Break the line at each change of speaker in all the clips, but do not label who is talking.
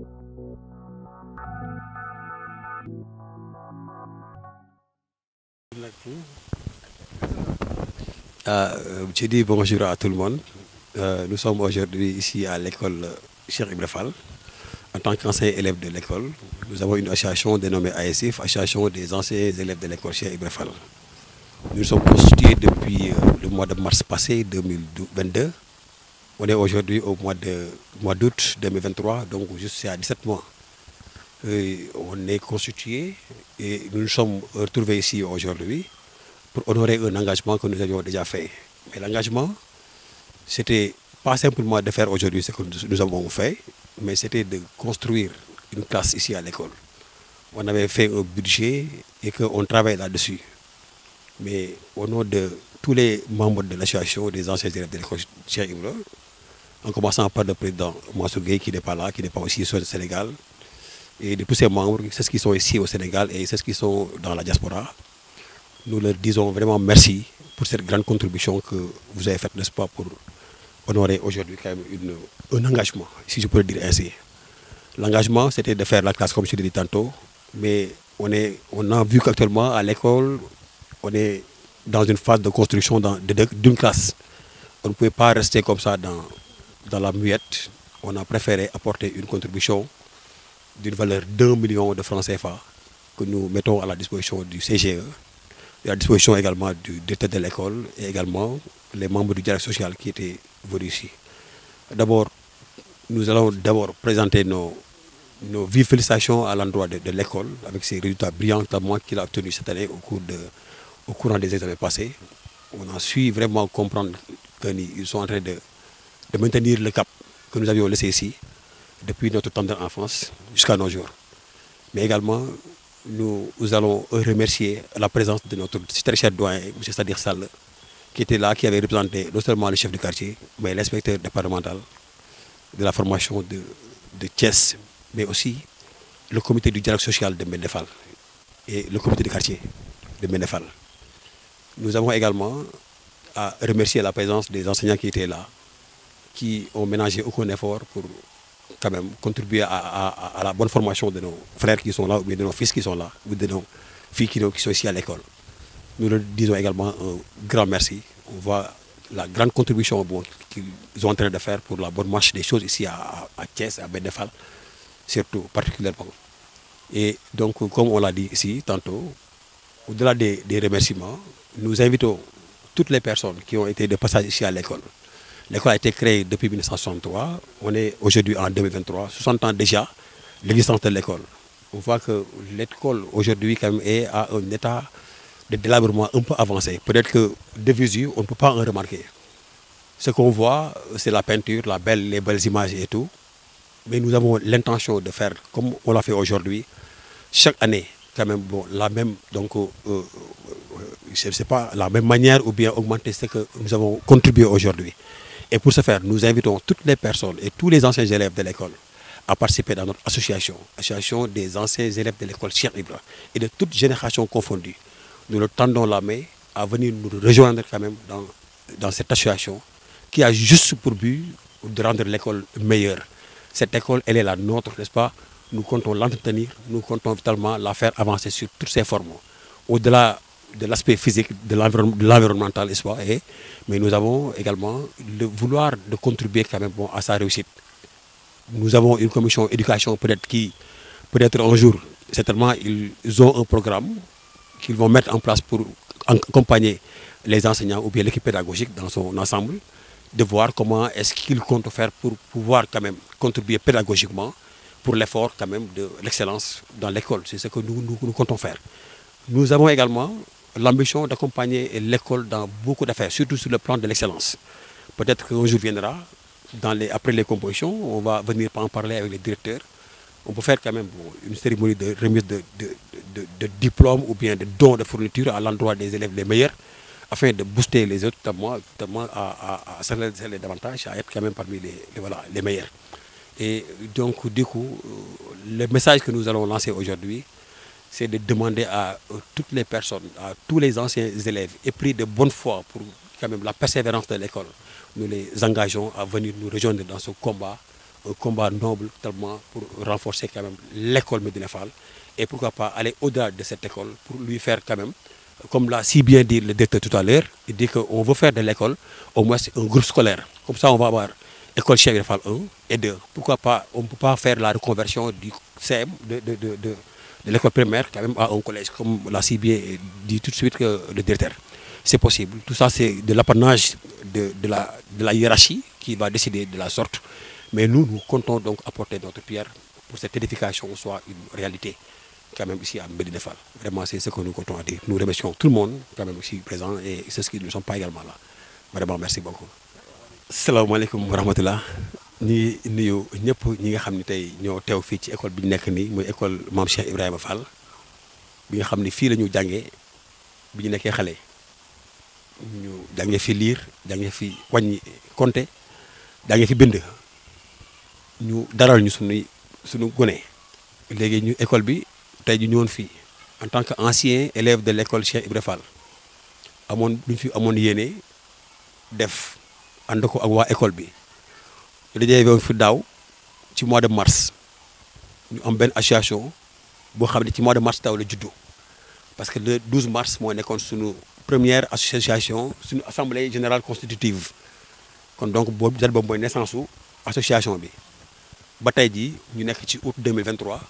je euh, bonjour à tout le monde. Euh, nous sommes aujourd'hui ici à l'école Cheikh Ibrafal. En tant qu'ancien élève de l'école, nous avons une association dénommée ASF, Association des anciens élèves de l'école Cheikh Ibrafal. Nous sommes constitués depuis euh, le mois de mars passé 2022 on est aujourd'hui au mois d'août 2023, donc juste à 17 mois. on est constitué et nous nous sommes retrouvés ici aujourd'hui pour honorer un engagement que nous avions déjà fait. Mais l'engagement, c'était pas simplement de faire aujourd'hui ce que nous avons fait, mais c'était de construire une classe ici à l'école. On avait fait un budget et on travaille là-dessus. Mais au nom de tous les membres de l'association des anciens directeurs de l'école, en commençant par le président Mansour Gueye qui n'est pas là, qui n'est pas aussi sur le Sénégal, et de tous ses membres, ceux qui sont ici au Sénégal et ceux qui sont dans la diaspora. Nous leur disons vraiment merci pour cette grande contribution que vous avez faite, n'est-ce pas, pour honorer aujourd'hui quand même un engagement, si je peux le dire ainsi. L'engagement, c'était de faire la classe comme je l'ai dit tantôt, mais on, est, on a vu qu'actuellement à l'école, on est dans une phase de construction d'une classe. On ne pouvait pas rester comme ça dans dans la muette, on a préféré apporter une contribution d'une valeur d'un million de francs CFA que nous mettons à la disposition du CGE, à la disposition également du directeur de l'école et également les membres du direct social qui étaient venus ici. D'abord, nous allons d'abord présenter nos, nos vives félicitations à l'endroit de, l'école avec ses résultats brillants notamment qu'il a obtenus cette année au cours, de, au des années passées. On a su vraiment comprendre qu'ils sont en train de de maintenir le cap que nous avions laissé ici depuis notre tendre enfance jusqu'à nos jours. Mais également, nous, allons remercier la présence de notre très cher doyen, M. Sadir Salle, qui était là, qui avait représenté non seulement le chef du quartier, mais l'inspecteur départemental de la formation de, de mais aussi le comité du dialogue social de Mendefal et le comité du quartier de Mendefal. Nous avons également à remercier la présence des enseignants qui étaient là, qui ont ménagé aucun effort pour quand même contribuer à, la bonne formation de nos frères qui sont là, ou de nos fils qui sont là, ou de nos filles qui, sont ici à l'école. Nous leur disons également un grand merci. On voit la grande contribution qu'ils sont en train de faire pour la bonne marche des choses ici à, à Thiès, à Bédéfal, surtout particulièrement. Et donc, comme on l'a dit ici tantôt, au-delà des remerciements, nous invitons toutes les personnes qui ont été de passage ici à l'école, L'école a été créée depuis 1963. On est aujourd'hui en 2023, 60 ans déjà, l'existence de l'école. On voit que l'école aujourd'hui est à un état de délabrement un peu avancé. Peut-être que de visu, on ne peut pas en remarquer. Ce qu'on voit, c'est la peinture, la belle, les belles images et tout. Mais nous avons l'intention de faire comme on l'a fait aujourd'hui, chaque année, quand même, la même, donc, euh, euh, pas, la même manière ou bien augmenter ce que nous avons contribué aujourd'hui. Et pour ce faire, nous invitons toutes les personnes et tous les anciens élèves de l'école à participer dans notre association, association des anciens élèves de l'école Cheikh Libre et de toutes générations confondues. Nous leur tendons la main à venir nous rejoindre quand même dans, cette association qui a juste pour but de rendre l'école meilleure. Cette école, elle est la nôtre, n'est-ce pas Nous comptons l'entretenir, nous comptons vitalement la faire avancer sur toutes ses formes. Au-delà de l'aspect physique, de l'environnemental, et, mais nous avons également le vouloir de contribuer quand même bon, à sa réussite. Nous avons une commission éducation peut-être qui, peut-être un jour, certainement, ils ont un programme qu'ils vont mettre en place pour accompagner les enseignants ou bien l'équipe pédagogique dans son ensemble, de voir comment est-ce qu'ils comptent faire pour pouvoir quand même contribuer pédagogiquement pour l'effort quand même de l'excellence dans l'école. C'est ce que nous, nous comptons faire. Nous avons également l'ambition d'accompagner l'école dans beaucoup d'affaires, surtout sur le plan de l'excellence. Peut-être qu'un jour viendra, dans les, après les compositions, on va venir en parler avec les directeurs. On peut faire quand même une cérémonie de remise de, diplômes ou bien de dons de fournitures à l'endroit des élèves les meilleurs, afin de booster les autres, notamment, notamment à, à, davantage, à être quand même parmi les meilleurs. Et donc, du coup, euh, le message que nous allons lancer aujourd'hui, c'est de demander à euh, toutes les personnes, à tous les anciens élèves, et pris de bonne foi pour quand même la persévérance de l'école, nous les engageons à venir nous rejoindre dans ce combat, un combat noble tellement pour renforcer quand même l'école médinefale et pourquoi pas aller au-delà de cette école pour lui faire quand même, comme l'a si bien dit le directeur tout à l'heure, il dit qu'on veut faire de l'école au moins un groupe scolaire. Comme ça, on va avoir école chef 1 et 2. Pourquoi pas, on peut pas faire la reconversion du CEM, de, de de l'école primaire quand même à un collège, comme l'a cibé dit tout de suite que le directeur. C'est possible. Tout ça, c'est de l'apanage de, la, hiérarchie qui va décider de la sorte. Mais nous, nous comptons donc apporter notre pierre pour cette édification soit une réalité quand même ici à Médinefal. Vraiment, c'est ce que nous comptons à dire. Nous remercions tout le monde quand même aussi présent et ceux qui ne sont pas également là. Vraiment, merci beaucoup. Salam alaikum wa rahmatullah. ñi nuyu ñëpp ñi nga xam ni tey ñoo teew fii ci école bi ñu nekk nii muy école Mame Cheikh Ibrahima Fall bi nga xam ni fii la ñu jàngee bi ñu nekkee xale ñu jàngee fi liir jàngee fi wàññi compter jàngee fi bind ñu daral ñu suñuy suñu gone léegi ñu école bi tey ñu ñëwoon fii en tant que ancien élève de lécole école Cheikh Ibrahima amoon luñ ñu fi amoon yéene def ànd ko ak waa école bi le dee woon fi daaw ci mois de mars ñu am benn association boo xam ci mois de mars la parce que le 12 mars nous avons une première association une assemblée générale constitutive kon donc boobu date boobu mooy naissance su association bi ba tey jii ñu ci août 2023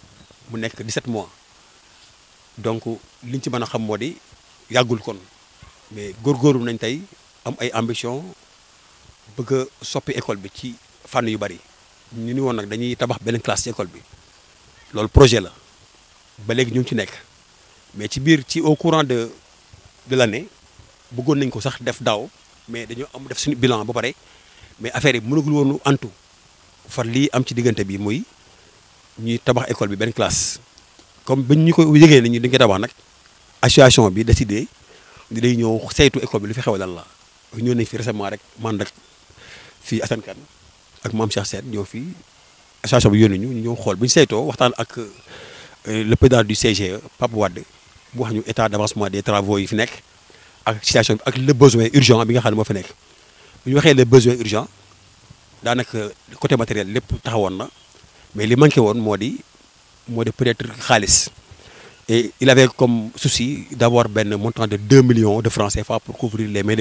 mu nekk 17 mois donc li ñu ci mën a xam moo kon mais góorgóorlu nañ tay am ay ambition bëgg soppi école bi ci. fan yu bari ñu ni won nak dañuy tabax benen classe ci école bi lool projet la ba légui ñu ci nek mais ci bir ci au courant de de l'année bëggoon nañ ko sax def daw mais dañu am def suñu bilan ba pare mais affaire yi mënugul wonu antu far li am ci digënté bi muy ñuy tabax école bi benen classe comme bañ ñu ko yégué ni ñu dañ koy tabax nak association bi décidé di lay ñëw saytu école bi lu fi xewal la ñëw nañ fi récemment rek man rek fi ak Mme Cheikh Sène ñoo fi association bi ñu euh, le président du CGE Pape Wad, wax état des travaux yi fi nekk ak situation bi ak le besoin urgent bi nga xam le besoin côté matériel mais li manqué peut-être et il avait comme souci d'avoir un montant de 2 millions de francs CFA pour couvrir les main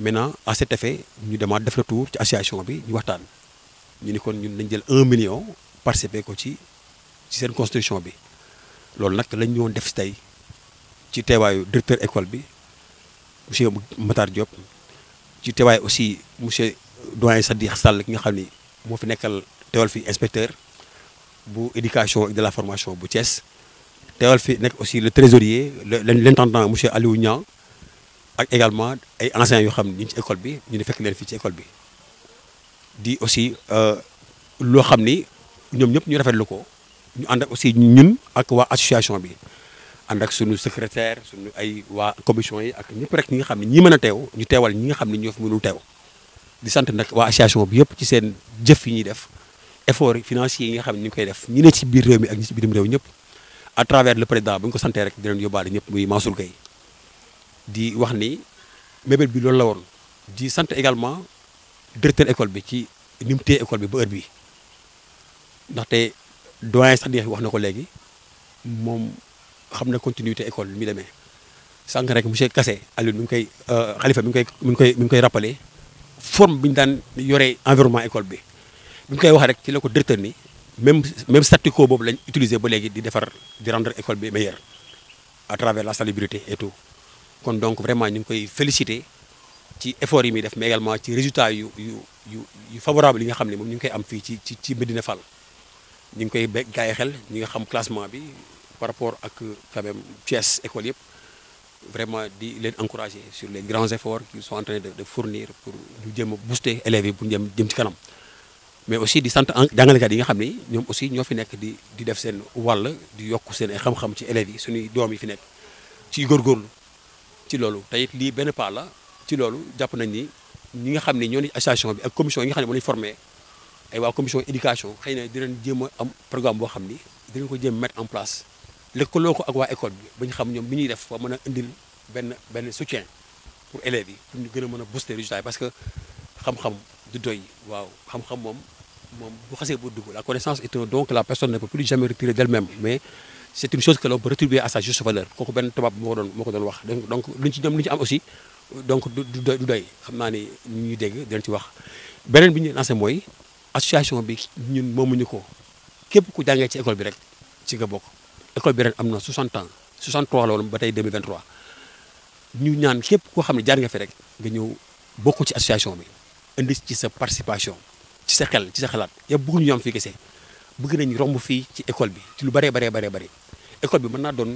maintenant à cet effet ñu demaat def tour ci association bi ñu waxtaan ñu ni kon ñun nañ jël 1 million participer ko ci ci sen construction bi lool nak lañ ñoon def tay ci teewaayu directeur école bi monsieur Matar Diop ci téway aussi monsieur doyen Sadikh Sall ki nga xamni mo fi nekkal téwal fi inspecteur bu éducation et de la formation bu Thiès téwal fi nek aussi le trésorier l'intendant monsieur Aliou Niang également ay anciens yoo xam ni ci école bi ñu ne fekk leen fi ci école bi di aussi euh, loo xam ni ñom ñep ñu rafetlu ko ñu and ak aussi ñun ak wa association bi and ak suñu secrétaire suñu ay wa commission yi ak ñep rek ñi nga xam ne ñi mëna tew ñu tewal ñi nga xam ne ñoo fi mënul di sant nak wa association bi yëpp ci seen jëf yi ñi def effort financier yi nga xam ne ñu koy def ñi ne ci biir réew mi ak ñi ci biirum réew ñep à travers le président bu ñu ko santé rek di leen yobale ñep muy Mansour Gueye di wax ni mébét bi loolu la woon di sant également directeur école bi ci ni téye école bi ba heure bi ndaxte doyen sax di wax na ko léegi moom xam na continuité école mi demee sànq rek monsieur Kassé Aliou mi ngi koy xalifa euh, mi ngi koy mi ngi koy mi ngi koy rappelé forme bi ñu daan yoree environnement école bi bi ñu koy wax rek ci la ko directeur ni même même statu quo boobu lañ utiliser ba léegi di defar di rendre école bi meilleure à travers la salubrité et tout kon donc vraiment ñu ngi koy féliciter ci effort yi mi def mais également ci résultat yu yu yu favorable yi nga xamni mom ñu ngi koy am fi ci ci ci Médina Fall ñu ngi koy bàyyi xel ñi nga xam classement bi par rapport ak quand même Thiès école yépp vraiment di leen encourager sur les grands efforts qu'ils sont en train de de fournir pour ñu jëm booster élèves yi pour jëm jëm ci kanam mais aussi di sant kat yi nga xamni ñom aussi ñoo fi nekk di di def sen wall di yokk sen xam-xam ci élèves yi suñuy doom yi fi nek ci góorgóorlu ci loolu tey li lii benn pas la ci loolu jàpp nañ ni ñi nga xam ne association bi ak commission yi nga xam ne moo leen formé ay waa commission éducation xëy na dinañ jéem am programme boo xam ni dinañ ko jéem mettre en place lëkkaloo ko ak waa école bi ba ñu xam ñoom bi ñuy def ba mën a indil ben benn soutien pour élèves yi pour ñu gën a booster résultat parce que xam-xam du doy waaw xam-xam moom moom bu xasee bu dugg la connaissance est donc la personne ne peut plus jamais retirer d'elle-même mais c' est une chose que l'on peut rétribuer à sa juste valeur kooku benn tubaab moo ko doon moo donc luñ ci ñoom luñ xam naa ni ñu ñuy dégg dinañ ci wax beneen bi ñu lancé mooy association bi ñun moomuñu ko képp ku jàngee ci école bi rek ci nga bokk école bi am na 60 ans 63 la woon ba tey 2023 ñu ñaan képp koo xam ne jaar nga fi rek nga ñëw bokk ci association bi indi ci sa participation ci sa xel ci sa xalaat yow bëgguñu ñu am fii gisee bëgg nañu romb fii ci école bi ci lu bëree baree baree bëri école bi mën naa doon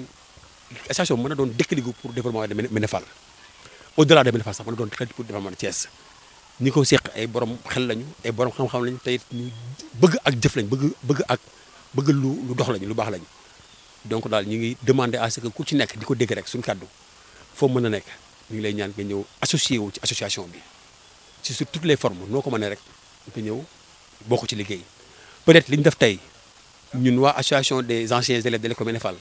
association mën na doon déclic pour développement de Médina Fall au delà de Médina Fall sax mën na doon déclic pour développement de Thiès ñi ko seq ay borom xel lañu ay borom xam-xam lañu tey ñu bëgg ak jëf lañu bëgg bëgg ak bëgg lu dox lañu lu baax lañu donc daal ñu ngi demander à ce que ku ci nekk di ko dégg rek suñu kàddu foo mën a nekk ñu ngi lay ñaan nga ñëw associé wu ci association bi ci sur les formes noo ko mënee rek nga ñëw bokk ci liggéey peut-être li ñu def tey ñun waa association des anciens élèves de l'école Médina Fall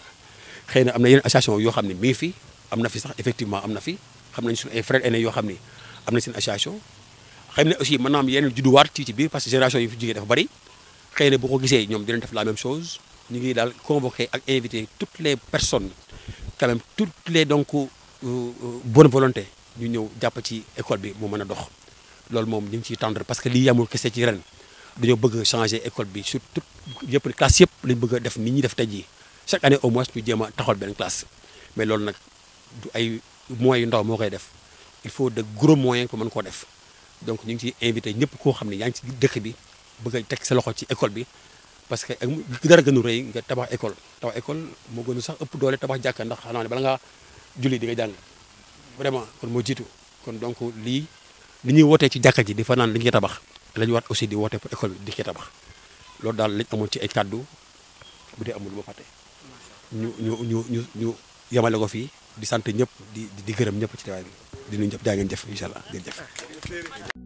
xëy na association yoo xam ne mi ngi fi am fi sax effectivement am na fi xam nañ suñu ay frères aînés yoo xam ne am nañ association xëy na aussi mën naa am yeneen judduwaat ci parce que génération yi fi jógee dafa bari xëy na bu ko gisee ñoom dinañ def la même chose ñu ngi daal convoqué ak invité toutes les personnes quand même toutes les donc euh, euh, bonne volonté ñu ñëw jàpp ci école bi mu mën a dox loolu moom ñu ngi ciy tendre parce que lii yamul kese ci ren dañoo bëgg changer école bi surtout yëpp classe yëpp lañ bëgg def nit ñi def tey chaque année au moins ñu jéem a taxawal benn classe mais loolu nag du ay moyens yu ndaw moo koy def il faut de gros moyens pour mën koo def donc ñu ngi ciy invité ñëpp koo xam ne yaa ngi ci dëkk bi bëgg a teg sa loxo ci école bi parce que dara gënu rëy nga tabax école tabax école moo gënu sax ëpp doole tabax jàkka ndax xanaa ne bala nga julli di nga jàng vraiment kon moo jiitu kon donc lii li ñuy wootee ci jàkka ji di fa naan li ñuy tabax lañu waat aussi di woote pour école bi di koy tabax loolu daal lañ amoon ci ay kàddu bu dee amul lu ma fàtte ñu ñu ñu ñu ñu yemale ko fii di sant ñëpp di di gërëm ñëpp ci teewaay bi di nuyu ñëpp jaa ngeen jëf incha allah jërëjëf